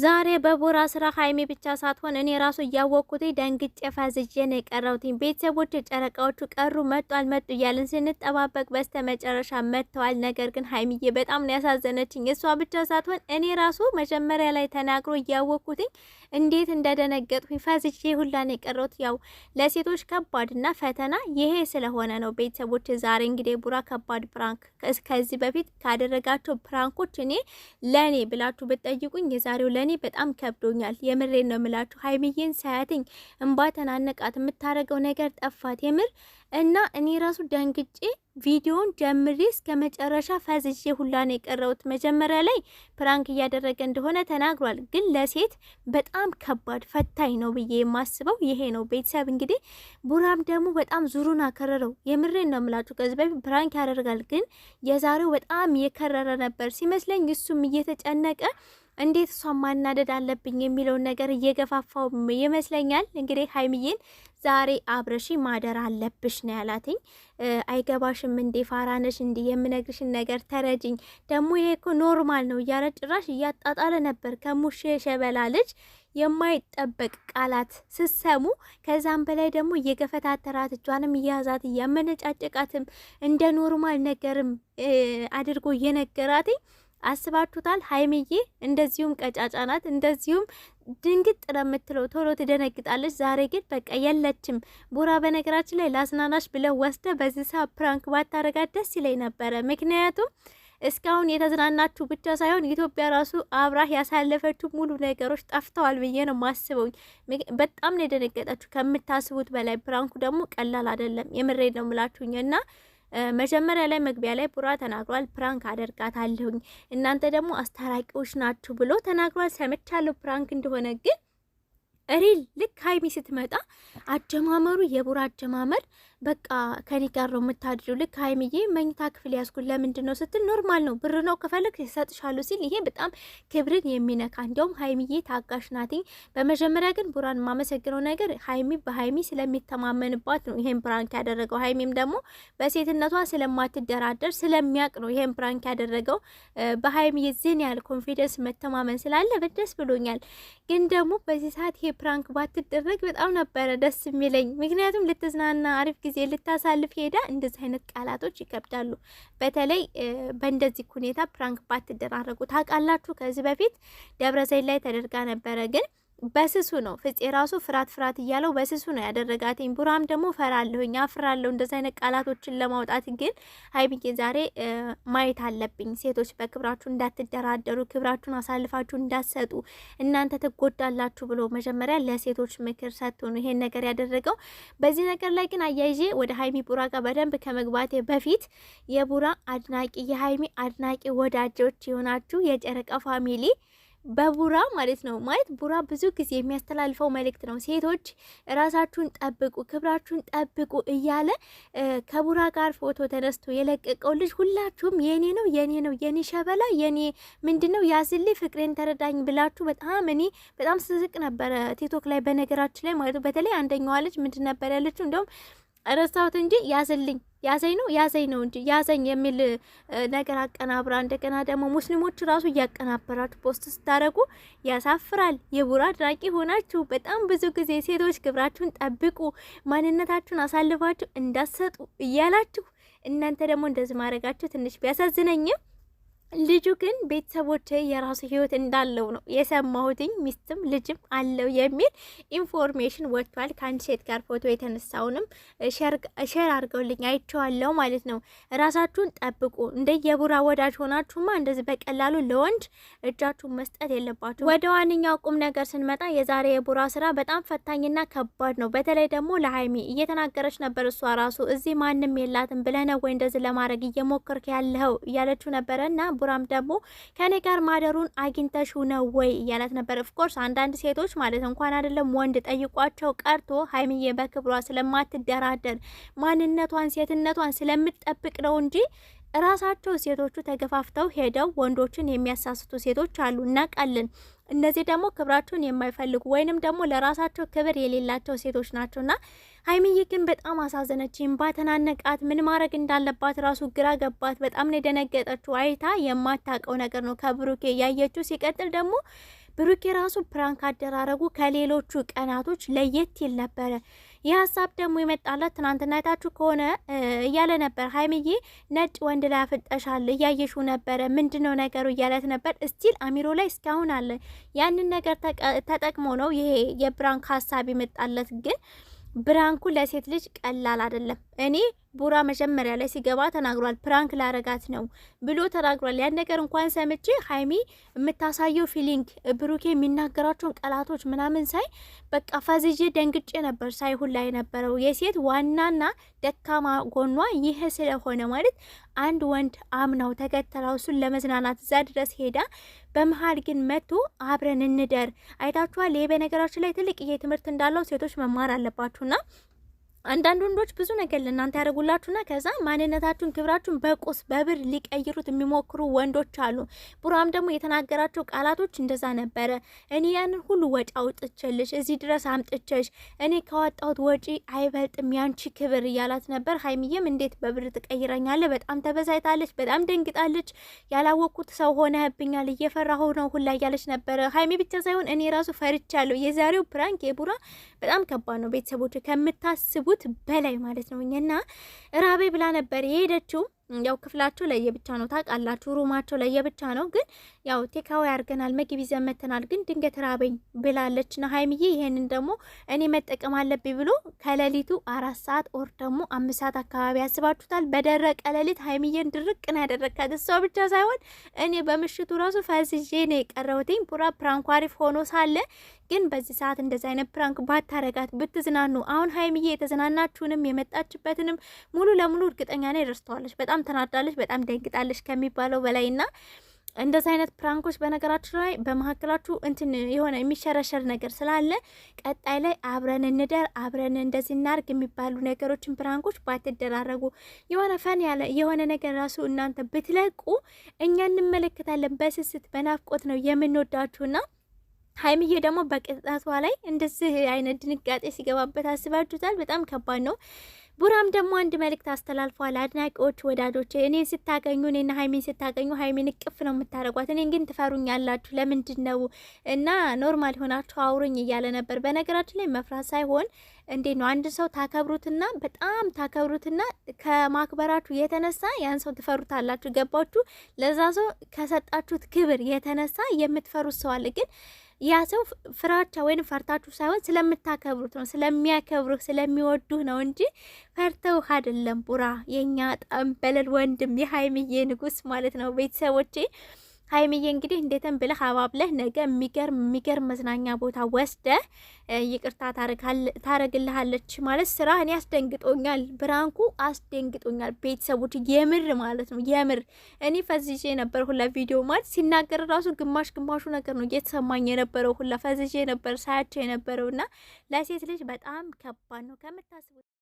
ዛሬ በቦራ ስራ ሀይሚ ብቻ ሳትሆን እኔ ራሱ እያወቅኩት ደንግጬ ፈዝዤ ነው የቀረውት ቤተሰቦች ጨረቃዎቹ ቀሩ መጡ አልመጡ እያልን ስንጠባበቅ በስተ መጨረሻ መጥተዋል። ነገር ግን ሀይሚዬ በጣም ነው ያሳዘነችኝ። እሷ ብቻ ሳትሆን እኔ ራሱ መጀመሪያ ላይ ተናግሮ እያወቅኩትኝ እንዴት እንደደነገጥኩኝ ፈዝዤ ሁላ ነው ያው ለሴቶች ከባድና ፈተና ይሄ ስለሆነ ነው። ቤተሰቦች ዛሬ እንግዲህ ቡራ ከባድ ፕራንክ ከዚህ በፊት ካደረጋቸው ፕራንኮች እኔ ለእኔ ብላችሁ ብትጠይቁኝ የዛሬው ለእኔ በጣም ከብዶኛል። የምሬን ነው ምላችሁ። ሀይሚዬን ሳያትኝ እንባ ተናነቃት። የምታደርገው ነገር ጠፋት የምር እና እኔ ራሱ ደንግጬ ቪዲዮውን ጀምሬ እስከ መጨረሻ ፈዝዤ ሁላ ነው የቀረውት። መጀመሪያ ላይ ፕራንክ እያደረገ እንደሆነ ተናግሯል፣ ግን ለሴት በጣም ከባድ ፈታኝ ነው ብዬ የማስበው ይሄ ነው። ቤተሰብ እንግዲህ ቡራም ደግሞ በጣም ዙሩን አከረረው። የምሬን ነው የምላችሁ። ከዚ በፊት ፕራንክ ያደርጋል፣ ግን የዛሬው በጣም የከረረ ነበር ሲመስለኝ እሱም እየተጨነቀ እንዴት እሷን ማናደድ አለብኝ የሚለውን ነገር እየገፋፋው ይመስለኛል። እንግዲህ ሀይሚዬን ዛሬ አብረሺ ማደር አለብሽ ነው ያላትኝ። አይገባሽም እንዴ ፋራነሽ እንዲህ የምነግርሽን ነገር ተረጅኝ። ደግሞ ይሄ እኮ ኖርማል ነው እያለ ጭራሽ እያጣጣለ ነበር። ከሙሽ የሸበላ ልጅ የማይጠበቅ ቃላት ስሰሙ፣ ከዛም በላይ ደግሞ እየገፈታተራት እጇንም እያያዛት እያመነጫጨቃትም እንደ ኖርማል ነገርም አድርጎ እየነገራትኝ አስባችሁታል? ሀይሚዬ እንደዚሁም ቀጫጫ ናት፣ እንደዚሁም ድንግጥ ነው የምትለው፣ ቶሎ ትደነግጣለች። ዛሬ ግን በቃ የለችም። ቡራ በነገራችን ላይ ላስናናሽ ብለው ወስደ በዚህ ሰዓት ፕራንክ ባታረጋት ደስ ይለኝ ነበረ። ምክንያቱም እስካሁን የተዝናናችሁ ብቻ ሳይሆን ኢትዮጵያ ራሱ አብራህ ያሳለፈችው ሙሉ ነገሮች ጠፍተዋል ብዬ ነው ማስበው። በጣም ነው የደነገጠችሁ ከምታስቡት በላይ። ፕራንኩ ደግሞ ቀላል አይደለም። የምሬ ነው ምላችሁኝ እና መጀመሪያ ላይ መግቢያ ላይ ቡራ ተናግሯል። ፕራንክ አደርጋታለሁኝ እናንተ ደግሞ አስታራቂዎች ናችሁ ብሎ ተናግሯል። ሰምቻለሁ ፕራንክ እንደሆነ ግን ሪል ልክ ሀይሚ ስትመጣ አጀማመሩ የቡራ አጀማመር በቃ ከኔ ጋር ነው የምታድሪው። ልክ ሀይምዬ መኝታ ክፍል ያስኩን ለምንድን ነው ስትል ኖርማል ነው ብር ነው ከፈለግ ይሰጥሻሉ ሲል ይሄ በጣም ክብርን የሚነካ እንዲያውም ሀይምዬ ታጋሽ ናትኝ። በመጀመሪያ ግን ቡራን የማመሰግነው ነገር ሀይሚ በሀይሚ ስለሚተማመንባት ነው ይሄን ፕራንክ ያደረገው። ሀይሚም ደግሞ በሴትነቷ ስለማትደራደር ስለሚያቅ ነው ይሄን ፕራንክ ያደረገው። በሀይሚ የዚህን ያህል ኮንፊደንስ መተማመን ስላለ በደስ ብሎኛል። ግን ደግሞ በዚህ ሰዓት ይሄ ፕራንክ ባትደረግ በጣም ነበረ ደስ የሚለኝ ምክንያቱም ልትዝናና አሪፍ ጊዜ ልታሳልፍ ሄዳ እንደዚህ አይነት ቃላቶች ይከብዳሉ። በተለይ በእንደዚህ ሁኔታ ፕራንክ ባትደራረጉ። ታውቃላችሁ ከዚህ በፊት ደብረዘይት ላይ ተደርጋ ነበረ ግን በስሱ ነው ፍፄ ራሱ ፍራት ፍራት እያለው በስሱ ነው ያደረጋትኝ። ቡራም ደግሞ እኛ ፍራለሁ እንደዚ አይነት ቃላቶችን ለማውጣት ግን ሀይሚዬ ዛሬ ማየት አለብኝ። ሴቶች በክብራችሁ እንዳትደራደሩ፣ ክብራችሁን አሳልፋችሁ እንዳትሰጡ፣ እናንተ ትጎዳላችሁ ብሎ መጀመሪያ ለሴቶች ምክር ሰጥቶ ነው ይሄን ነገር ያደረገው። በዚህ ነገር ላይ ግን አያይዤ ወደ ሀይሚ ቡራ ጋር በደንብ ከመግባቴ በፊት የቡራ አድናቂ የሀይሚ አድናቂ ወዳጆች የሆናችሁ የጨረቃ ፋሚሊ በቡራ ማለት ነው። ማለት ቡራ ብዙ ጊዜ የሚያስተላልፈው መልእክት ነው። ሴቶች ራሳችሁን ጠብቁ፣ ክብራችሁን ጠብቁ እያለ ከቡራ ጋር ፎቶ ተነስቶ የለቀቀው ልጅ ሁላችሁም የኔ ነው የኔ ነው የኔ ሸበላ የኔ ምንድን ነው ያዝሌ ፍቅሬን ተረዳኝ ብላችሁ በጣም እኔ በጣም ስስቅ ነበረ ቲክቶክ ላይ በነገራችን ላይ ማለት በተለይ አንደኛዋ ልጅ ምንድን ነበር ያለችው እንደውም ረሳሁት እንጂ ያዝልኝ ያዘኝ ነው ያዘኝ ነው እንጂ ያዘኝ የሚል ነገር አቀናብራ እንደገና ደግሞ ሙስሊሞች ራሱ እያቀናበራችሁ ፖስት ስታደረጉ ያሳፍራል። የቡራ አድራቂ ሆናችሁ በጣም ብዙ ጊዜ ሴቶች ግብራችሁን ጠብቁ፣ ማንነታችሁን አሳልፋችሁ እንዳትሰጡ እያላችሁ እናንተ ደግሞ እንደዚህ ማድረጋችሁ ትንሽ ቢያሳዝነኝም ልጁ ግን ቤተሰቦች የራሱ ህይወት እንዳለው ነው የሰማሁትኝ። ሚስትም ልጅም አለው የሚል ኢንፎርሜሽን ወጥቷል። ከአንድ ሴት ጋር ፎቶ የተነሳውንም ሼር አድርገውልኝ አይቼዋለሁ ማለት ነው። ራሳችሁን ጠብቁ። እንደ የቡራ ወዳጅ ሆናችሁማ እንደዚህ በቀላሉ ለወንድ እጃችሁን መስጠት የለባችሁ። ወደ ዋንኛው ቁም ነገር ስንመጣ የዛሬ የቡራ ስራ በጣም ፈታኝና ከባድ ነው። በተለይ ደግሞ ለሀይሚ እየተናገረች ነበር። እሷ ራሱ እዚህ ማንም የላትም ብለህ ነው ወይ እንደዚህ ለማድረግ እየሞከርክ ያለኸው እያለችው ነበረና ቡራም ደግሞ ከኔ ጋር ማደሩን አግኝተሽ ነው ወይ እያላት ነበር። ኦፍኮርስ አንዳንድ ሴቶች ማለት እንኳን አይደለም ወንድ ጠይቋቸው ቀርቶ ሀይሚዬ በክብሯ ስለማትደራደር ማንነቷን ሴትነቷን ስለምትጠብቅ ነው እንጂ እራሳቸው ሴቶቹ ተገፋፍተው ሄደው ወንዶችን የሚያሳስቱ ሴቶች አሉ፣ እናውቃለን። እነዚህ ደግሞ ክብራቸውን የማይፈልጉ ወይንም ደግሞ ለራሳቸው ክብር የሌላቸው ሴቶች ናቸውና ሀይሚዬ ግን በጣም አሳዘነች። እምባ ተናነቃት። ምን ማድረግ እንዳለባት ራሱ ግራ ገባት። በጣም ነው የደነገጠችው። አይታ የማታውቀው ነገር ነው ከብሩኬ ያየችው። ሲቀጥል ደግሞ ብሩኬ ራሱ ፕራንክ አደራረጉ ከሌሎቹ ቀናቶች ለየት ይል ነበረ። ይህ ሀሳብ ደግሞ የመጣላት ትናንትና የታችሁ ከሆነ እያለ ነበር ሀይምዬ ነጭ ወንድ ላይ አፍጠሻል እያየሹ ነበረ ምንድን ነው ነገሩ እያለት ነበር። ስቲል አሚሮ ላይ እስካሁን አለ። ያንን ነገር ተጠቅሞ ነው ይሄ የብራንክ ሀሳብ የመጣለት ግን ብራንኩ ለሴት ልጅ ቀላል አይደለም። እኔ ቡራ መጀመሪያ ላይ ሲገባ ተናግሯል። ፕራንክ ላረጋት ነው ብሎ ተናግሯል። ያን ነገር እንኳን ሰምቼ ሀይሚ የምታሳየው ፊሊንግ፣ ብሩኬ የሚናገራቸውን ቃላቶች ምናምን ሳይ በቃ ፈዝዤ ደንግጬ ነበር። ሳይሁን ላይ ነበረው የሴት ዋናና ደካማ ጎኗ ይህ ስለሆነ ማለት አንድ ወንድ አምናው ተከተላው እሱን ለመዝናናት እዛ ድረስ ሄዳ በመሀል ግን መጥቶ አብረን እንደር አይታችኋል። ይሄ በነገራችን ላይ ትልቅ ይሄ ትምህርት እንዳለው ሴቶች መማር አለባችሁና አንዳንድ ወንዶች ብዙ ነገር ለእናንተ ያደርጉላችሁና ከዛ ማንነታችሁን፣ ክብራችሁን በቁስ በብር ሊቀይሩት የሚሞክሩ ወንዶች አሉ። ቡራም ደግሞ የተናገራቸው ቃላቶች እንደዛ ነበረ። እኔ ያንን ሁሉ ወጪ አውጥቼልሽ እዚህ ድረስ አምጥቼሽ እኔ ካወጣሁት ወጪ አይበልጥም ያንቺ ክብር እያላት ነበር። ሀይሚዬም እንዴት በብር ትቀይረኛለህ? በጣም ተበሳይታለች። በጣም ደንግጣለች። ያላወቅኩት ሰው ሆነህብኛል፣ እየፈራሁ ነው ሁላ እያለች ነበረ። ሀይሚ ብቻ ሳይሆን እኔ ራሱ ፈርቻለሁ። የዛሬው ፕራንክ የቡራ በጣም ከባድ ነው። ቤተሰቦች ከምታስቡት ካላችሁት በላይ ማለት ነው። እኛና ራቤ ብላ ነበር የሄደችው። ያው ክፍላቸው ለየብቻ ነው ታውቃላችሁ፣ ሩማቸው ለየብቻ ነው። ግን ያው ቴካዊ አድርገናል፣ ምግብ ይዘን መተናል። ግን ድንገት ራበኝ ብላለች ና ሀይምዬ ይሄንን ደግሞ እኔ መጠቀም አለብኝ ብሎ ከሌሊቱ አራት ሰዓት ኦር ደግሞ አምስት ሰዓት አካባቢ ያስባችሁታል። በደረቀ ሌሊት ሀይምዬን ድርቅ ና ያደረግካት እሷ ብቻ ሳይሆን እኔ በምሽቱ ራሱ ፈዝዤ ነው የቀረሁትኝ። ፑራ ፕራንኳሪፍ ሆኖ ሳለ ግን በዚህ ሰዓት እንደዚህ አይነት ፕራንክ ባታረጋት ብትዝናኑ። አሁን ሀይሚዬ የተዝናናችሁንም የመጣችበትንም ሙሉ ለሙሉ እርግጠኛ ነኝ ረስተዋለች። በጣም ተናዳለች፣ በጣም ደንግጣለች ከሚባለው በላይና እንደዚህ አይነት ፕራንኮች በነገራችሁ ላይ በመካከላችሁ እንትን የሆነ የሚሸረሸር ነገር ስላለ ቀጣይ ላይ አብረን እንደር አብረን እንደዚህ እናርግ የሚባሉ ነገሮችን ፕራንኮች ባትደራረጉ የሆነ ፈን ያለ የሆነ ነገር ራሱ እናንተ ብትለቁ እኛ እንመለከታለን። በስስት በናፍቆት ነው የምንወዳችሁና ሀይምዬ ደግሞ በቅጣቷ ላይ እንደዚህ አይነት ድንጋጤ ሲገባበት አስባችሁታል? በጣም ከባድ ነው። ቡራም ደግሞ አንድ መልእክት አስተላልፏል። አድናቂዎች፣ ወዳጆች እኔን ስታገኙ እኔና ሀይሜን ስታገኙ ሀይሜን እቅፍ ነው የምታደርጓት፣ እኔን ግን ትፈሩኛላችሁ። ለምንድን ነው እና ኖርማል ሆናችሁ አውሩኝ እያለ ነበር። በነገራችን ላይ መፍራት ሳይሆን እንዴ ነው አንድ ሰው ታከብሩትና በጣም ታከብሩትና ከማክበራችሁ የተነሳ ያን ሰው ትፈሩታላችሁ። ገባችሁ? ለዛ ሰው ከሰጣችሁት ክብር የተነሳ የምትፈሩት ሰው አለ ግን ያ ሰው ፍራቻ ወይም ፈርታችሁ ሳይሆን ስለምታከብሩት ነው፣ ስለሚያከብሩህ ስለሚወዱህ ነው እንጂ ፈርተው አይደለም። ቡራ የእኛ ጠንበለል ወንድም የሀይምዬ ንጉስ ማለት ነው ቤተሰቦቼ ሀይሚዬ እንግዲህ እንዴትም ብለህ አባብለህ ነገ የሚገርም የሚገርም መዝናኛ ቦታ ወስደህ ይቅርታ ታረግልሃለች ማለት ስራ እኔ አስደንግጦኛል። ብራንኩ አስደንግጦኛል። ቤተሰቦች የምር ማለት ነው የምር እኔ ፈዝዤ ነበር ሁላ ቪዲዮ ማለት ሲናገር ራሱ ግማሽ ግማሹ ነገር ነው እየተሰማኝ የነበረው ሁላ ፈዝዤ ነበር ሳያቸው የነበረው እና ለሴት ልጅ በጣም ከባድ ነው ከምታስቡት